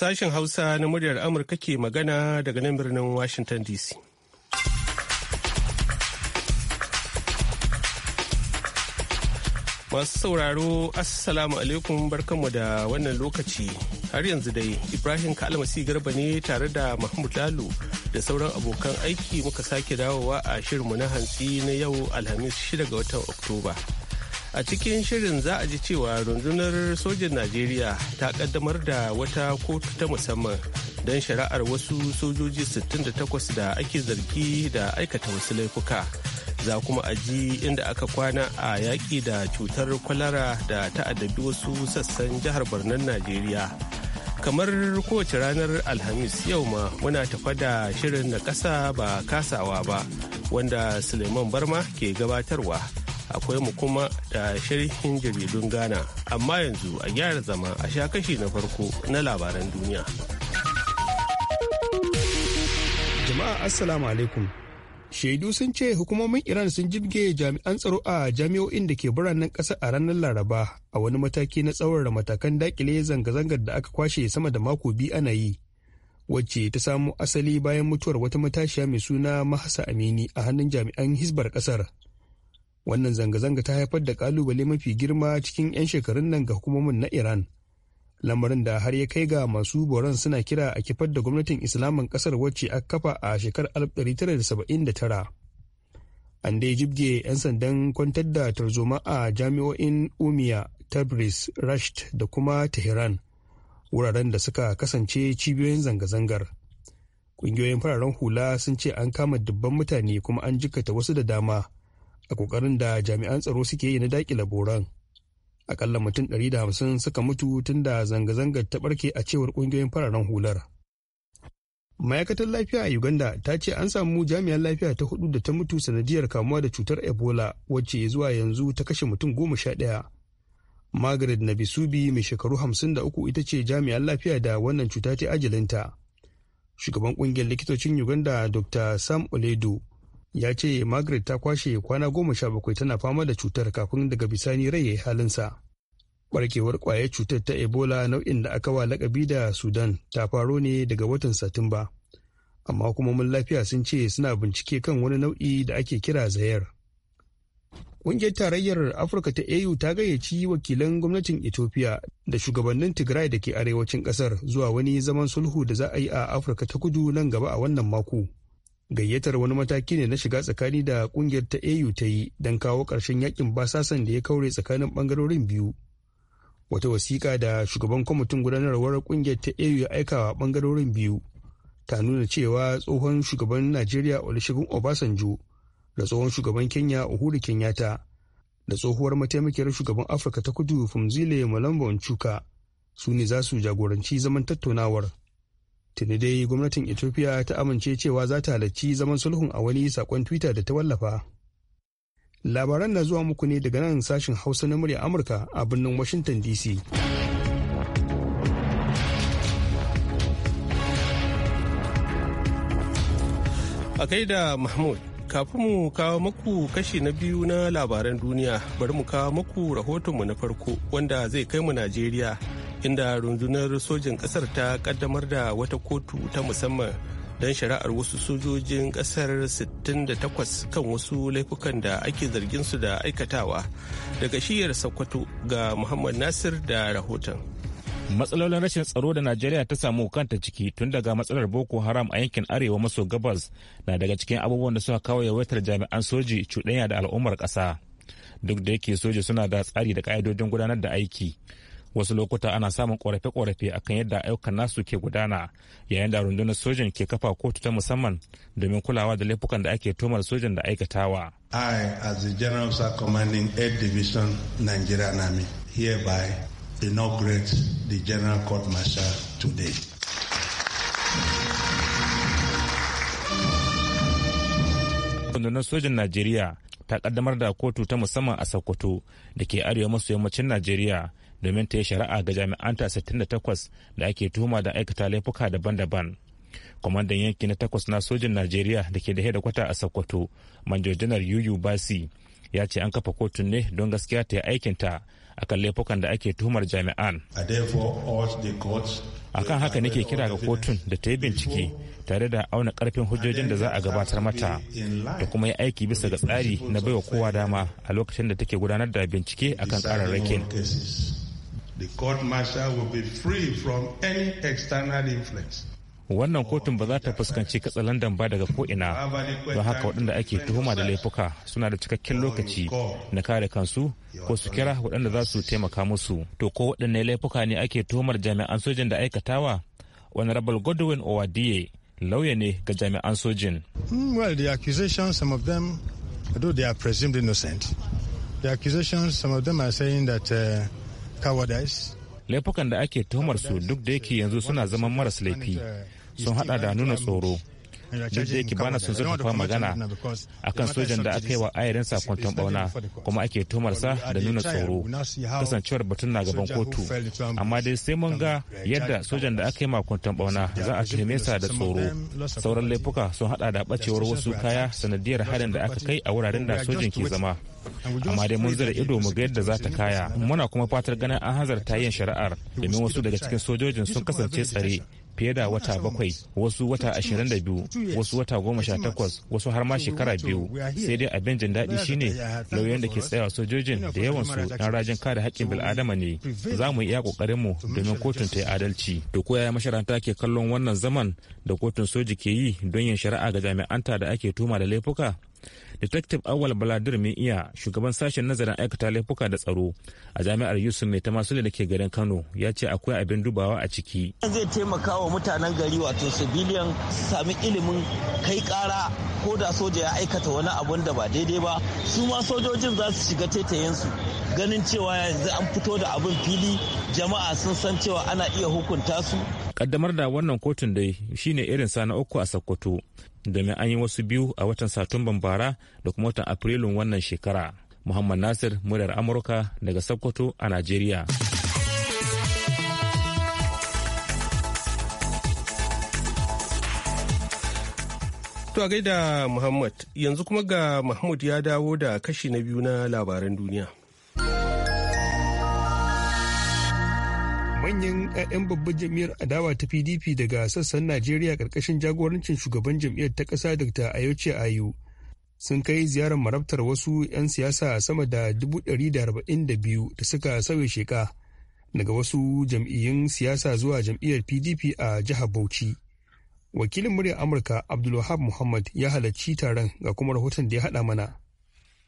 Sashen Hausa na muryar Amurka ke magana daga nan birnin Washington DC. Masu sauraro, Assalamu alaikum barkanmu da wannan lokaci. Har yanzu dai, Ibrahim Kalmasi Garba ne tare da Mahmud lalu da sauran abokan aiki muka sake dawowa a shirinmu na hantsi na yau Alhamis 6 ga watan Oktoba. a cikin shirin za a ji cewa rundunar sojin najeriya ta kaddamar da wata kotu ta musamman don shari'ar wasu sojoji 68 da ake zargi da aikata wasu laifuka za kuma a ji inda aka kwana a yaƙi da cutar kwalara da ta'addabi wasu sassan jihar barnan najeriya kamar kowace ranar alhamis yau ma muna tafa da shirin na ƙasa ba kasawa ba wanda suleiman barma ke gabatarwa akwai mu kuma da sharhin jaridun Ghana amma yanzu a gyara zama a sha kashi na farko na labaran duniya. Jama'a Assalamu alaikum. Shaidu sun ce hukumomin Iran sun jibge jami'an tsaro a jami'o'in da ke biranen ƙasa a ranar Laraba a wani mataki na tsawon matakan dakile zanga-zangar da aka kwashe sama da mako biyu ana yi. wacce ta samo asali bayan mutuwar wata matashiya mai suna mahasa amini a hannun jami'an hisbar kasar wannan zanga-zanga ta haifar da kalubale mafi girma cikin 'yan shekarun nan ga hukumomin na iran lamarin da har ya kai ga masu boron suna kira a kifar da gwamnatin islamin kasar wacce aka kafa a shekarar 1979 an dai jibge 'yan sandan kwantar da tarzoma a jami'o'in umiya tabriz rasht da kuma tehran wuraren da suka kasance cibiyoyin zanga-zangar ƙungiyoyin fararen hula sun ce an kama dubban mutane kuma an jikata wasu da dama a kokarin da jami'an tsaro suke yi na dakile boran akalla mutum ɗari da hamsin suka mutu tun da zanga-zangar ta ɓarke a cewar ƙungiyoyin fararen hular ma'aikatar lafiya a uganda ta ce an samu jami'an lafiya ta hudu da ta mutu sanadiyar kamuwa da cutar ebola wacce zuwa yanzu ta kashe mutum goma sha ɗaya margaret Bisubi mai shekaru hamsin da uku ita ce jami'an lafiya da wannan cuta ta ajalinta shugaban ƙungiyar likitocin uganda dr sam oledo ya ce margaret ta kwashe kwana goma sha bakwai tana fama da cutar kafin daga bisani rai ya yi halinsa barkewar kwayar cutar ta ebola nau'in da aka wa lakabi da sudan ta faro ne daga watan satumba amma kuma mun lafiya sun ce suna bincike kan wani nau'i da ake kira zayar Ƙungiyar Tarayyar Afirka ta AU ta gayyaci wakilan gwamnatin Ethiopia da shugabannin Tigray da ke arewacin ƙasar zuwa wani zaman sulhu da za a yi a Afirka ta kudu nan gaba a wannan mako. gayyatar wani mataki ne na shiga tsakani da kungiyar ta au ta yi don kawo ƙarshen yakin basasan da ya kaure tsakanin ɓangarorin biyu wata wasiƙa da shugaban kwamitin gudanarwar kungiyar ta au ya aika wa ɓangarorin biyu ta nuna cewa tsohon shugaban najeriya olusegun obasanjo da tsohon shugaban kenya uhuru kenyatta da tsohuwar mataimakiyar shugaban afirka ta kudu fumzile malamba chuka su ne za su jagoranci zaman tattaunawar tuni dai gwamnatin ethiopia ta amince cewa za ta halarci zaman sulhun a wani sakon twitter da ta wallafa labaran na zuwa muku ne daga nan sashen hausa na murya amurka a birnin washington dc a kai da mahmud kafin mu kawo maku kashi na biyu na labaran duniya bari mu kawo maku rahotonmu na farko wanda zai kai mu najeriya inda rundunar sojin kasar ta kaddamar da wata kotu ta musamman don shari'ar wasu sojojin kasar 68 kan wasu laifukan da ake zargin su da aikatawa daga shiyar sokoto ga muhammad nasir da rahoton matsalolin rashin tsaro da najeriya ta samu kanta ciki tun daga matsalar boko haram a yankin arewa maso gabas na daga cikin abubuwan da suka kawo yawaitar jami'an soji cuɗanya da al'ummar ƙasa duk da yake soja suna da tsari da ka'idojin gudanar da aiki wasu lokuta ana samun korafe-korafe akan yadda ayyukan nasu ke gudana yayin da rundunar sojan ke kafa kotu ta musamman domin kulawa da laifukan da ake tomar sojan da aikatawa. I, as the General Sir Commanding 8th Division Nigeria Army, hereby inaugurate the General Court Martial today. rundunar sojan Najeriya ta kaddamar da kotu ta musamman a Sokoto da ke arewa maso yammacin Najeriya domin ta yi shari'a ga jami'anta 68 da ake tuhuma da aikata laifuka daban-daban kwamandan yanki na takwas na sojin najeriya da ke da kwata a sokoto manjo janar yuyu basi ya ce an kafa kotun ne don gaskiya ta yi aikinta kan laifukan da ake tuhumar jami'an a kan haka nake kira ga kotun da ta yi bincike tare da auna karfin hujjojin da za a gabatar mata da kuma yi aiki bisa ga tsari na baiwa kowa dama a lokacin da take gudanar da bincike akan kararrakin the court martial will be free from any external influence. wannan kotun ba za ta fuskanci katsalandan ba daga ko'ina don haka waɗanda ake tuhuma da laifuka suna da cikakken lokaci na kare kansu ko su kira waɗanda za su taimaka musu to ko waɗanne laifuka ne ake tuhumar jami'an sojin da aikatawa wani rabal godwin owadiye lauya ne ga jami'an sojin hmm, well the accusations some of them although they are presumed innocent the accusations some of them are saying that uh, cowardice laifukan da ake tuhumar su duk da yake yanzu suna zaman maras laifi sun hada da nuna tsoro duk da yake bana sun zurfafa magana akan sojan da aka yi wa ayarin sakonton bauna kuma ake sa da nuna tsoro kasancewar batun na gaban kotu amma dai sai mun ga yadda sojan da aka yi makonton bauna za a tuhume sa da tsoro sauran laifuka sun hada da bacewar wasu kaya sanadiyar harin da aka kai a wuraren da sojan ke zama amma dai mun zira ido mu ga yadda za ta kaya muna kuma fatar ganin an hanzarta yin shari'ar domin wasu daga cikin sojojin sun kasance tsare fiye da wata bakwai wasu wata ashirin da biyu wasu wata goma sha takwas wasu har ma shekara biyu sai dai abin jin daɗi shine lauyoyin da ke tsayawa sojojin da yawansu na rajin kare haƙƙin bil'adama ne za mu iya mu domin kotun ta yi adalci da ko yaya masharanta ke kallon wannan zaman da kotun soji ke yi don yin shari'a ga jami'anta da ake tuma da laifuka detective awal baladir mai iya shugaban sashen nazarin aikata laifuka da tsaro a jami'ar yusuf mai ta masu da ke garin kano ya ce akwai abin dubawa a ciki zai taimaka wa mutanen gari wato civilian su sami ilimin kai kara ko da soja ya aikata wani abun da ba daidai ba su ma sojojin za su shiga taitayensu ganin cewa yanzu an fito da abin fili jama'a sun san cewa ana iya hukunta su kaddamar da wannan kotun dai shine irin sa na uku a sokoto domin an yi wasu biyu a watan satumban bara da kuma watan afrilun wannan shekara muhammad nasir muryar amurka daga sokoto a najeriya To gaida Muhammad yanzu kuma ga Mahmud ya dawo da kashi na biyu na labaran duniya. manyan 'ya'yan babbar jam'iyyar adawa ta pdp daga sassan najeriya karkashin jagorancin shugaban jam'iyyar ta ƙasa dr ayoce ayu sun kai ziyarar marabtar wasu 'yan siyasa sama da 142 da suka sauya sheka daga wasu jam'iyyun siyasa zuwa jam'iyyar pdp a jihar bauchi wakilin muryar amurka abdulwahab muhammad ya halarci taron ga kuma rahoton da ya haɗa mana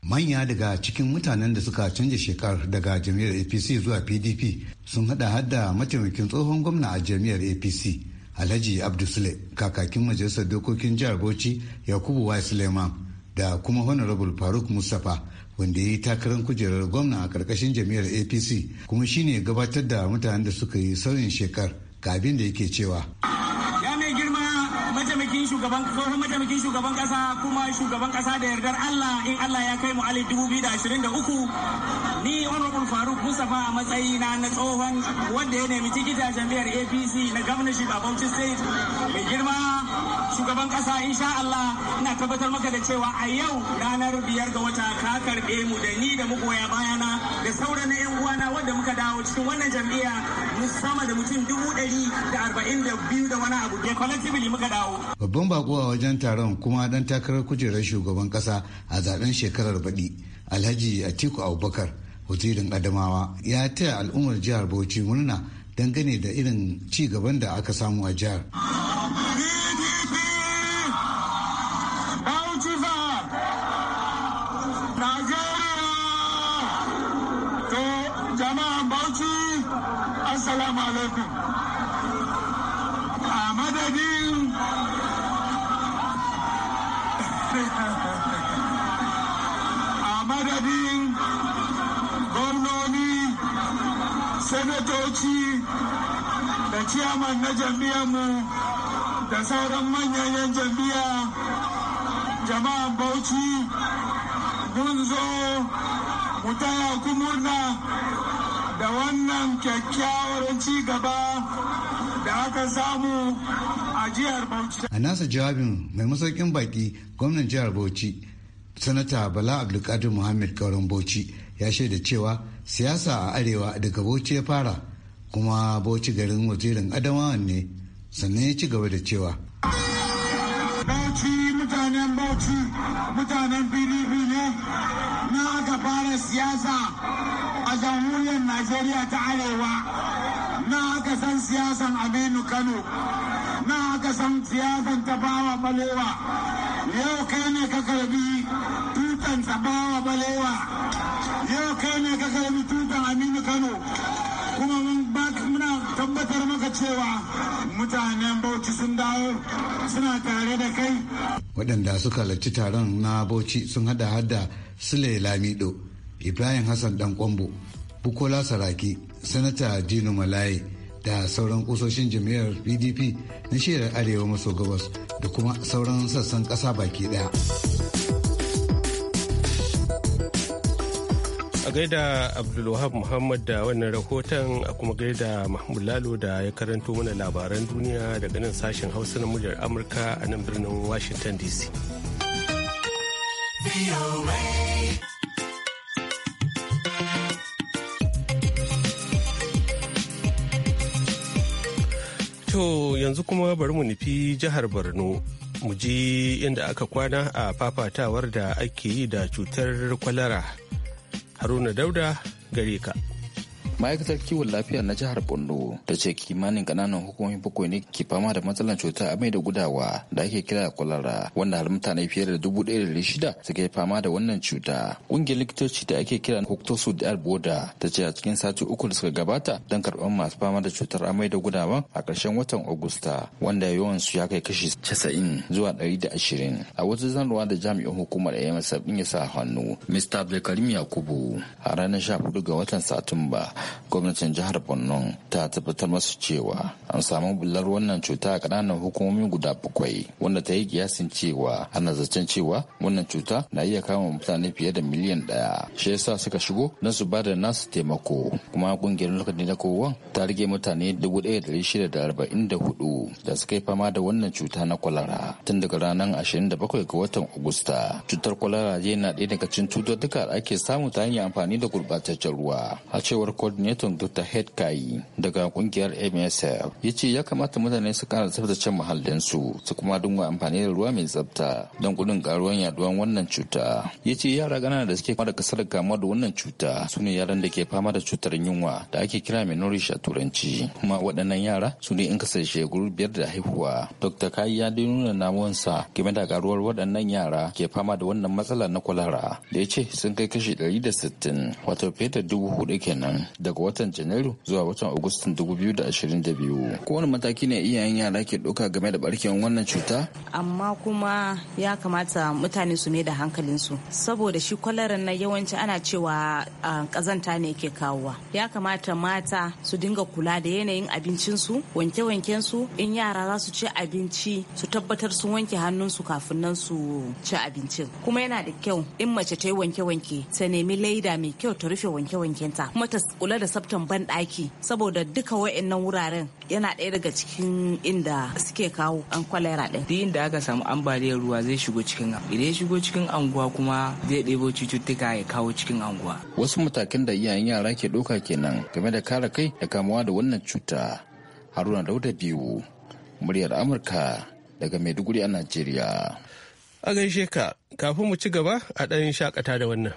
manya daga cikin mutanen da suka canza shekar daga jam'iyyar apc zuwa pdp sun hada hadda mataimakin tsohon gwamna a jam'iyyar apc alhaji abdulsule kakakin majalisar dokokin jihar bauchi yakubu wai suleiman da kuma honorable faruk mustapha wanda ya yi takarar kujerar gwamna a karkashin jam'iyyar apc kuma shine gabatar da mutanen da suka yi sauyin shekar ga abin da yake cewa mataimakin shugaban tsohon mataimakin shugaban kasa kuma shugaban kasa da yardar Allah in Allah ya kai mu alif 2023 ni honorable Faruk Mustafa a matsayi na tsohon wanda ya nemi tikita jam'iyyar APC na governorship a Bauchi state mai girma shugaban kasa insha Allah ina tabbatar maka da cewa a yau ranar biyar ga wata ka karbe mu da ni da mugoya bayana da sauran na yan uwana wanda muka dawo cikin wannan jam'iyya mu sama da mutum dubu ɗari da arba'in da biyu da wani abu da collectively muka dawo. Babban bako a wajen taron kuma dan takarar kujerar shugaban kasa a zaben shekarar baɗi Alhaji Atiku Abubakar wazirin Adamawa ya taya al'ummar jihar Bauchi murna dangane da irin ci gaban da aka samu a jihar. al'umman bauchi assalamu alaikum a madadin a madadin gwamnoni sanatoci da ciyaman na mu da sauran manyan yan jami'a jama'an bauchi mun zo mu taya ku murna da wannan kyakkyawar ci gaba da aka samu a jihar Bauchi. A nasa jawabin mai masaukin baki gwamnan jihar Bauchi, Sanata Bala Abdulkadir Muhammad Kauran Bauchi ya shaida cewa siyasa a arewa daga Bauchi ya fara kuma Bauchi garin wazirin Adamawa ne sannan ya ci gaba da cewa. Bauchi mutanen Bauchi mutanen PDP ne fara siyasa a jamhuriyar najeriya ta arewa na aka san siyasan aminu kano na aka san siyasan tabawa balewa yau kai ne ka karbi tutan tabawa balewa yau kai ne ka karbi tutan aminu kano kuma tabbatar maka cewa mutanen bauchi sun dawo suna tare da kai waɗanda suka halarci taron na bauchi sun hada hada sule lamido ibrahim hassan dan kwambo bukola saraki sanata dino malaye da sauran kusoshin jami'ar pdp na shirar arewa maso gabas da kuma sauran sassan ƙasa baki ɗaya. A gaida Abdulwahab Muhammad da wannan rahoton a kuma gaida Mahmud Lalo da ya karanto mana labaran duniya daga nan sashen Hausa na muryar Amurka a nan birnin Washington DC. To yanzu kuma bari mu nufi jihar Borno. Mu ji inda aka kwana a fafatawar da ake yi da cutar kwalara. haruna dauda gare ka ma'aikatar kiwon lafiya na jihar borno ta ce kimanin kananan hukumomi bakwai ne ke fama da matsalar cutar amai da gudawa da ake kira kwalara wanda har mutane fiye da dubu ɗaya da shida yi fama da wannan cuta ƙungiyar likitoci da ake kira huktosu da boda ta ce a cikin sati uku da suka gabata don karɓar masu fama da cutar amai da gudawa a ƙarshen watan agusta wanda yawan su ya kai kashi casa'in zuwa ɗari da ashirin a wata zanruwa da jami'in hukumar amsf ya sa hannu mista abdulkarim yakubu a ranar sha hudu ga watan satumba gwamnatin jihar borno ta tabbatar masu cewa an samu bular wannan cuta a kananan hukumomi guda bakwai wanda ta yi kiyasin cewa ana zaton cewa wannan cuta na iya kama mutane fiye da miliyan daya shi yasa suka shigo na su ba da nasu taimako kuma ƙungiyar lokacin na kowan ta rage mutane dubu ɗaya da shida da arba'in da hudu da suka yi fama da wannan cuta na kwalara tun daga ranar ashirin da bakwai ga watan agusta cutar kwalara yana ɗaya daga cikin cututtuka da ake samu ta hanyar amfani da gurɓataccen ruwa a cewar coordinator coordinator dr hedkai daga kungiyar msf ya ce ya kamata mutane su kara tsabtace muhallinsu su kuma dunwa amfani da ruwa mai tsabta don gudun karuwan yaduwan wannan cuta ya ce yara ganana da suke da kasar kamuwa da wannan cuta su ne yaran da ke fama da cutar yunwa da ake kira nourish a turanci kuma waɗannan yara su ne in sai shekaru biyar da haihuwa dr kai ya dai nuna namuwansa game da karuwar waɗannan yara ke fama da wannan matsala na kwalara da ya ce sun kai kashi da ɗari sittin. wato fiye da dubu hudu kenan da daga watan janairu zuwa watan agustan 2022 kowane mataki ne iyayen yara ke ɗauka game da barkewar wannan cuta amma kuma ya kamata mutane su mai da hankalinsu saboda shi kwalaran na yawanci ana cewa kazanta ne ke kawowa ya kamata mata su dinga kula da yanayin abincinsu wanke-wankensu in yara za su ci abinci su tabbatar sun wanke hannunsu kafin nan su ci abincin kuma yana da kyau in mace ta yi wanke-wanke ta nemi laida mai kyau ta rufe wanke-wankenta kuma ta kula kula da tsaftan banɗaki saboda duka wa'annan wuraren yana ɗaya daga cikin inda suke kawo an kwalera ɗin. Duk inda aka samu ambaliyar ruwa zai shigo cikin idan ya shigo cikin anguwa kuma zai ɗebo cututtuka ya kawo cikin anguwa. Wasu matakan da iyayen yara ke ɗauka kenan game da kare kai da kamuwa da wannan cuta. Haruna Dauda biyu muryar Amurka daga Maiduguri a Najeriya. A gaishe ka, kafin mu ci gaba a ɗan shakata da wannan.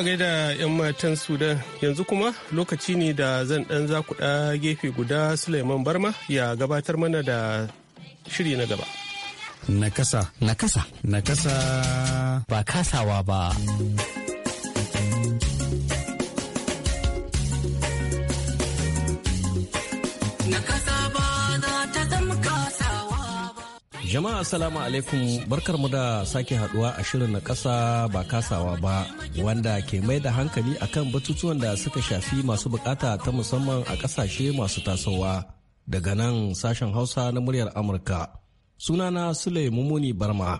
a gaida 'yan matan Sudan yanzu kuma lokaci ne da zan ɗan zakuɗa gefe guda Suleiman Barma ya gabatar mana da shiri na gaba. Nakasa. Nakasa. Nakasa. Ba kasawa ba. Jama'a Assalamu alaikum mu da sake haduwa a shirin na kasa ba kasawa ba wanda ke mai da hankali akan batutuwan da suka shafi masu bukata ta musamman a kasashe masu tasowa daga nan sashen Hausa na muryar Amurka. Sunana Sule Mumuni Barma.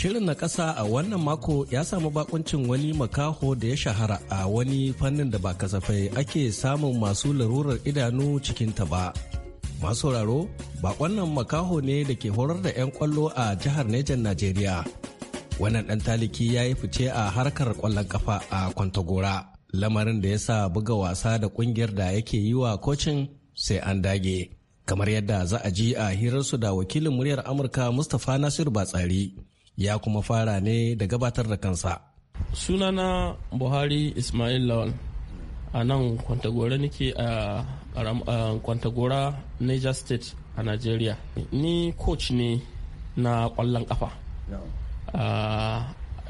Shirin na ƙasa a wannan mako ya samu bakuncin wani makaho da ya shahara a wani fannin da ba kasafai ake samun masu larurar idanu cikinta ba. Masu sauraro, bakon nan makaho ne da ke horar da 'yan kwallo a jihar Nejan Najeriya. Wannan ɗan taliki ya yi fice a harkar kwallon kafa a Kwantagora, lamarin da ya sa buga wasa da ƙungiyar da yake yi wa kocin sai an dage. Kamar yadda za a ji a hirarsu da wakilin muryar Amurka Mustapha Nasiru Batsari. ya kuma fara ne da gabatar da kansa. Sunana Buhari Ismail Lawal a nan Kwantagora nake a Kwantagora Niger State a Nigeria. Ni coach ne na kwallon kafa.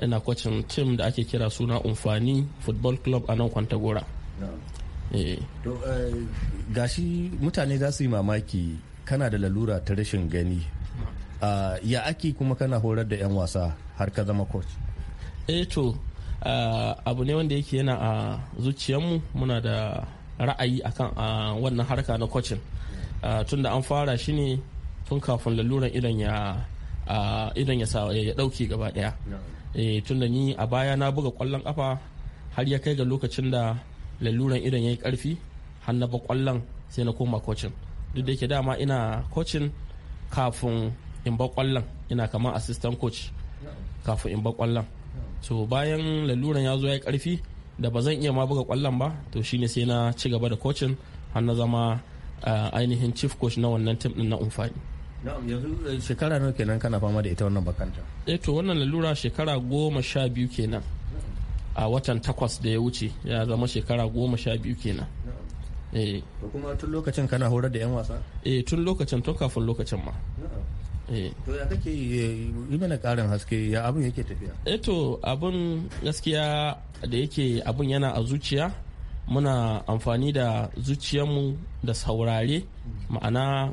Ina kwacin team da ake kira suna Umfani Football Club a nan Kwantagora. Eh. Eh, gashi mutane za su yi mamaki kana da lalura ta rashin gani Ah, ya ake kuma kana horar da 'yan wasa har ka zama coach eh to ah, abu ne wanda yake yana a zuciyarmu muna da ra'ayi akan ah, wannan harka na coaching tunda an fara shi ne tun kafin laluran idan ya idan ya sa ya dauke gaba daya eh, tunda ni a baya na buga kwallon kafa har ya kai ga lokacin da laluran idan ya yi karfi har na ba kwallon sai na koma coaching duk da yake dama ina kocin kafin in ba kwallon ina kama assistant coach kafin in ba kwallon so bayan laluran ya zo ya karfi da ba zan iya ma buga kwallon ba to shine sai na ci gaba da coaching har na zama eh, ainihin chief coach na wannan team din na umfani yanzu eh, shekara nawa kenan kana fama da ita wannan bakanta eh to wannan lalura shekara goma sha biyu kenan a watan takwas da ya wuce ya zama shekara goma sha biyu kenan eh kuma tun lokacin kana horar da yan wasa eh tun lokacin tun kafin lokacin ma Eh. to ya kake yi eh, mana karin haske ya yake tafiya eto eh abin gaskiya da yake abin yana a zuciya muna amfani da zuciyarmu da saurare mm. ma'ana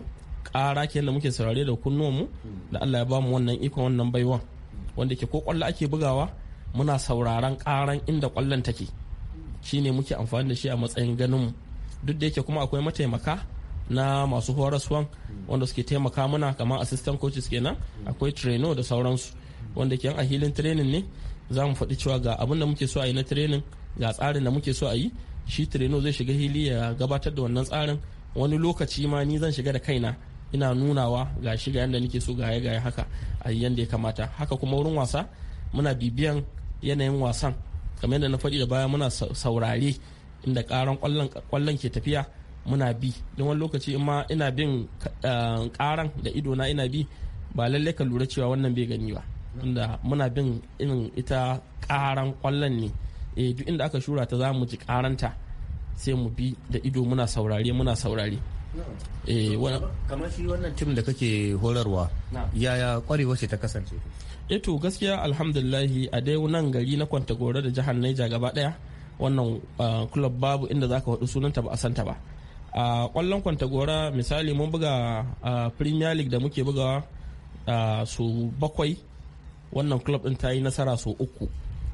ƙara ke da muke saurare da kunnuwanmu mm. da Allah ya ba mu wannan ikon wannan baiwan mm. wanda ke ko kwallo ake bugawa muna sauraron ƙaran inda kwallon take shine muke amfani da shi a matsayin ganin duk da yake kuma akwai mataimaka na masu horaswan wanda suke taimaka mana kamar assistant coaches kenan akwai trainer da sauransu wanda ke a hilin training ne za mu faɗi cewa ga abin da muke so a yi na training ga tsarin da muke so a yi shi trainer zai shiga hili ya gabatar da wannan tsarin wani lokaci ma ni zan shiga da kaina ina nunawa ga shi ga yadda nake so ga ya haka a yi yadda ya kamata haka kuma wurin wasa muna bibiyan yanayin wasan kamar yadda na faɗi da baya muna saurare inda karan kwallon ke tafiya muna bi don wani lokaci ma ina bin karan eh, da ido na ina bi ba lallai ka lura cewa wannan bai gani ba inda muna bin irin ita karan kwallon ne eh duk inda aka shura ta za mu ji karanta sai mu bi da ido muna saurare muna saurare eh, kamar shi wannan tim da kake horarwa yaya kwarewa ce ta kasance eto eh, gaskiya alhamdulillahi a dai nan gari na kwanta gore da jihar Niger gaba daya wannan club babu inda zaka hadu sunanta ba a santa ba a kwallon kwantagora misali mun buga a premier league da muke bugawa su bakwai wannan club din ta yi nasara su uku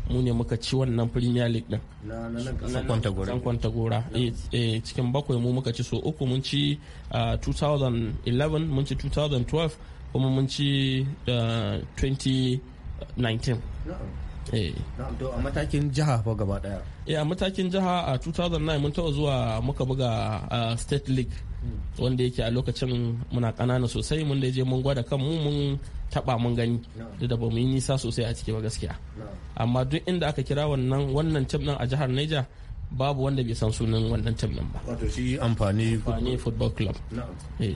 mu ne muka ci wannan premier league din na kwantagora eh, eh, cikin bakwai mu muka ci su uku mun ci 2011 mun ci 2012 kuma mun ci 2019 Eh. a matakin jiha ko gaba daya eh, a matakin jiha a 2009 mun taɓa zuwa muka buga a state league wanda yake a lokacin muna kanana sosai mun da je mun gwada kan mu mun taba mun gani da da bamu yi nisa sosai a ciki ba gaskiya amma duk inda aka kira wannan wannan tim din a jihar Niger babu wanda bai san sunan wannan tim din ba wato shi amfani football club eh.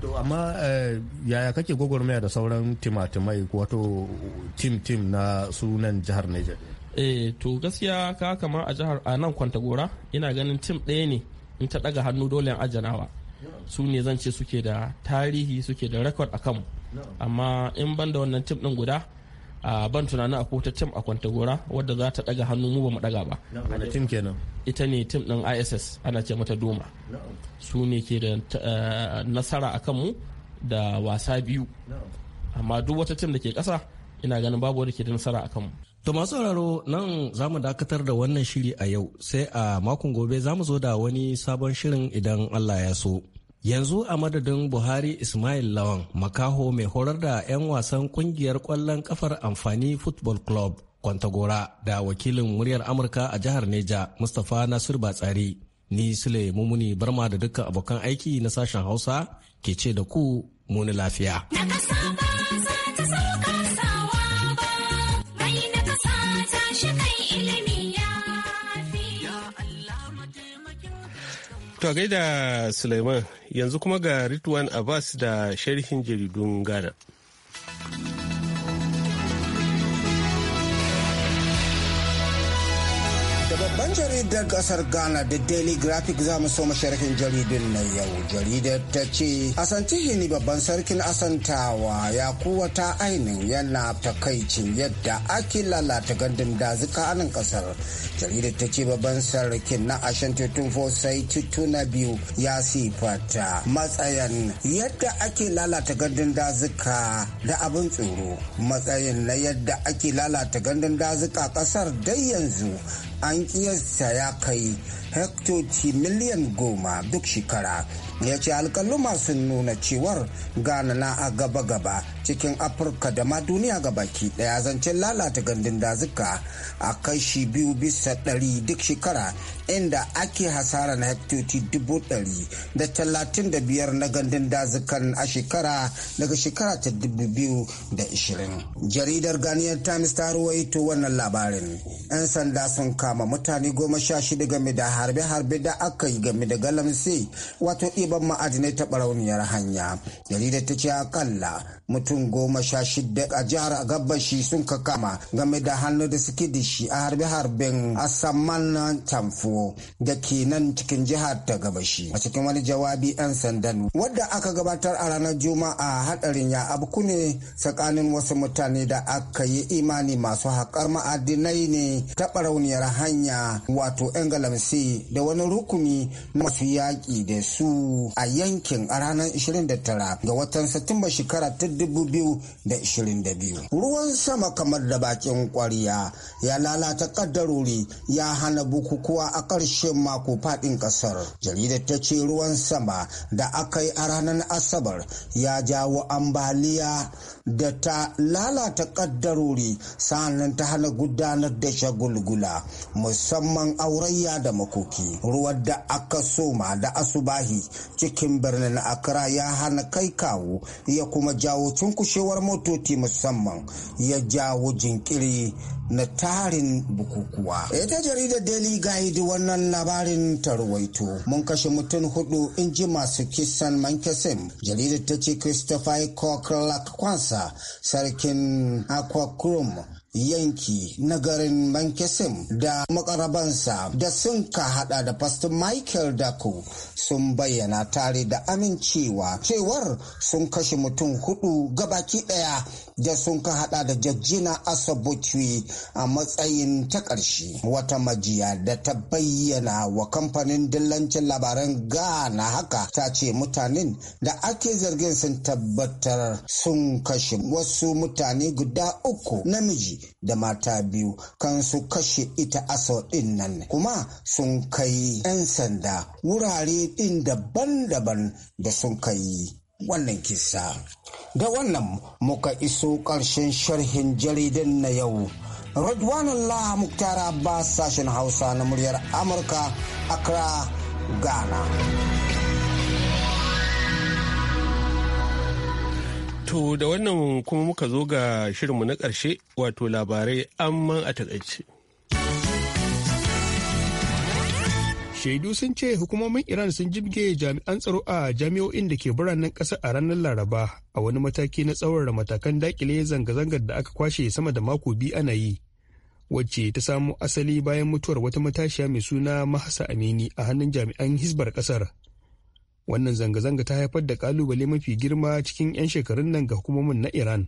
to amma eh, yaya kake gwagwarmaya da sauran timatimai wato tim tim na sunan jihar Niger eh to gaskiya ka kama a jihar a nan gora ina ganin tim ɗaya ne in ta ɗaga hannu dole ajanawa su ne zan ce suke da tarihi suke da rekod a kanmu amma in banda wannan tim ɗin guda ban tunanin a wata tim a gora wadda za ta daga hannu mu ba mu daga ba wani tim kenan ita ne tim din iss ana ce mata doma su ne ke da eh, nasara a kanmu da wasa biyu amma duk wata tim da ke kasa ina ganin babu wadda ke da nasara a kanmu To masu sauraro nan za mu dakatar da wannan shiri a yau sai a makon gobe za mu zo da wani sabon shirin idan Allah ya so. yanzu a madadin buhari ismail lawan makaho mai horar da 'yan wasan kungiyar kwallon kafar amfani football club kwantagora da wakilin muryar amurka a jihar neja mustapha nasir batsari ni sule mumuni barma da dukkan abokan aiki na sashen hausa ke ce da ku muni lafiya. To gaida Suleiman yanzu kuma ga Ritwan Abbas da sharhin jaridun Ghana. Da babban jaridar kasar Ghana da Daily Graphic za mu so sharhin jaridar na yau. Jaridar ta ce, Asantihini babban sarkin Asantawa ya kuwata ainihin yana takaicin yadda ake lalata gandun dazuka a nan kasar. Jaridar ta ce babban sarkin na Ashanti tun sai tituna biyu ya sifata matsayin yadda ake lalata gandun dazuka da abin tsoro. Matsayin na yadda ake lalata gandun dazuka kasar dai yanzu an kiyasta ya kai hektoci miliyan goma duk shekara ya ce alkaluma sun nuna cewar ghana na a gaba-gaba cikin afirka da ma duniya ga baki daya zancen lalata gandun dazuka a kashi biyu bisa ɗari duk shekara inda ake hasara na hektoti dubu ɗari da talatin da biyar na gandun dazukan a shekara daga shekara ta dubu biyu da ishirin. Jaridar Ghanaian Times ta ruwaito wannan labarin. 'Yan sanda sun kama mutane goma sha shida game da harbe-harbe da aka yi game da galamse wato ɗiban ma'adinai ta barauniyar hanya. Jaridar ta ce akalla mutum goma sha shida a jihar gabashi sun ka kama game da hannu da suke da shi a harbe-harben asaman tamfu da ke nan cikin jihar ta gabashi. A cikin wani jawabi 'yan sandan wadda aka gabatar a ranar Juma'a hadarin ya abu ne tsakanin wasu mutane da aka yi imani masu haƙar ma'adinai ne ta barauniyar hanya wato 'yan galamsi da wani rukuni masu yaƙi da su a yankin a ranar 29 ga watan Satumba shekara ta 2022. Ruwan sama kamar da bakin kwariya ya lalata kaddarori ya hana bukukuwa a a ƙarshen mako faɗin ƙasar. Jaridar ta ce ruwan sama da aka yi a ranar Asabar ya jawo ambaliya da ta lalata ƙaddarori sa'annan ta hana gudanar da shagulgula musamman aurayya da makoki. Ruwan da aka soma da asubahi cikin birnin akra ya hana kai kawo ya kuma jawo cunkushewar motoci musamman ya jawo jinkiri na tarin bukukuwa. Ita jaridar Daily Guide wannan labarin tarwaito. Mun kashe mutum hudu in ji masu kisan Mankesim. Jaridar ta ce Christopher Cockrell Kwansa, sarkin Aquacrum yanki na garin Mankesim da makarabansa da sun ka hada da Pastor Michael Dako sun bayyana tare da amincewa cewar sun kashe mutum hudu gabaki daya da sun ka hada da jajjina asabuci a matsayin ta ƙarshe wata majiya da ta bayyana wa kamfanin dillancin labaran Ghana haka ta ce mutanen da ake zargin sun tabbatar sun kashe wasu mutane guda uku namiji da mata biyu kan su kashe ita aso din nan kuma sun kai 'yan sanda wurare din daban-daban da sun kai wannan kisa. Da wannan muka iso ƙarshen sharhin jaridan na yau. allah muktara ba sashen Hausa na muryar Amurka, Accra, Ghana. To da wannan kuma muka zo ga shirinmu na ƙarshe wato labarai amman a takaice. Shaidu sun ce hukumomin Iran sun jibge jami'an tsaro a jami'o'in da ke biranen ƙasar a ranar Laraba a wani mataki na tsawon matakan dakile zanga-zangar da aka kwashe sama da mako biyu ana yi. Wacce ta samo asali bayan mutuwar wata matashiya mai suna Mahasa Amini a hannun jami'an hisbar ƙasar. wannan zanga-zanga ta haifar da kalubale mafi girma cikin 'yan shekarun nan ga hukumomin na iran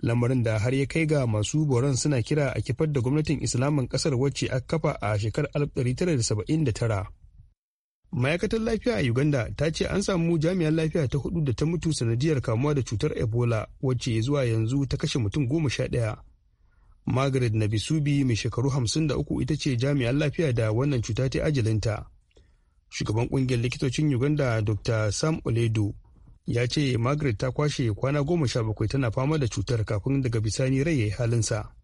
lamarin da har ya kai ga masu boran suna kira a kifar da gwamnatin islamin kasar wacce aka kafa a shekarar 1979 ma'aikatar lafiya a uganda ta ce an samu jami'an lafiya ta hudu da ta mutu sanadiyar kamuwa da cutar ebola wacce zuwa yanzu ta kashe mutum goma sha ɗaya margaret nabisubi mai shekaru hamsin da uku ita ce jami'an lafiya da wannan cuta ta ajalinta shugaban kungiyar likitocin uganda dr sam oledo ya ce margaret ta kwashe kwana goma sha bakwai tana fama da cutar kafin daga bisani rai ya yi halinsa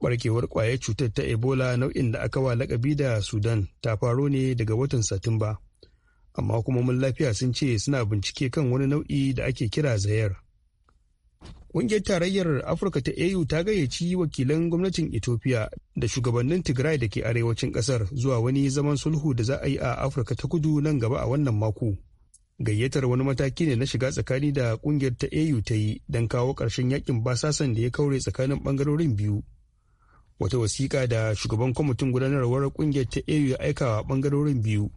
barkewar kwaya cutar ta ebola nau'in da aka wa lakabi da sudan ta faro ne daga watan satumba amma kuma mun lafiya sun ce suna bincike kan wani nau'i da ake kira zayar Ƙungiyar Tarayyar Afirka ta AU ta gayyaci wakilan gwamnatin Ethiopia da shugabannin Tigray da ke arewacin ƙasar zuwa wani zaman sulhu da za a yi a Afirka ta kudu nan gaba a wannan mako. Gayyatar wani mataki ne na shiga tsakani da ƙungiyar ta AU ta yi don kawo ƙarshen yakin basasan da ya kaure tsakanin ɓangarorin biyu. Wata wasiƙa da shugaban kwamitin gudanarwar ƙungiyar ta AU ya aika ɓangarorin biyu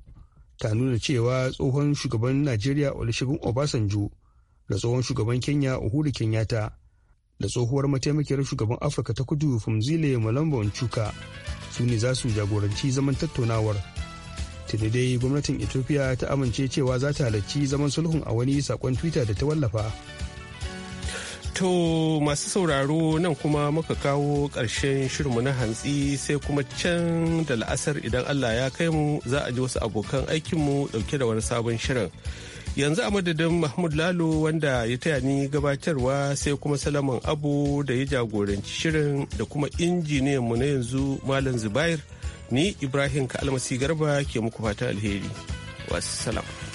ta nuna cewa tsohon shugaban Najeriya Olusegun Obasanjo da tsohon shugaban kenya uhuru kenyatta da tsohuwar mataimakiyar shugaban afirka ta kudu fumzile malamba chuka su ne za su jagoranci zaman tattaunawar tuni dai gwamnatin ethiopia ta amince cewa za ta halarci zaman sulhun a wani sakon twitter da ta wallafa To masu sauraro nan kuma muka kawo ƙarshen shirinmu na hantsi sai kuma can da la'asar idan Allah ya kai mu za a ji wasu abokan aikinmu ɗauke da wani sabon shirin. yanzu a madadin mahmud lalo wanda ya taya ni gabatarwa sai kuma salaman abu da ya jagoranci shirin da kuma injiniyan mu na yanzu malam zubair ni ibrahim ka almasi garba ke muku fatan alheri salamu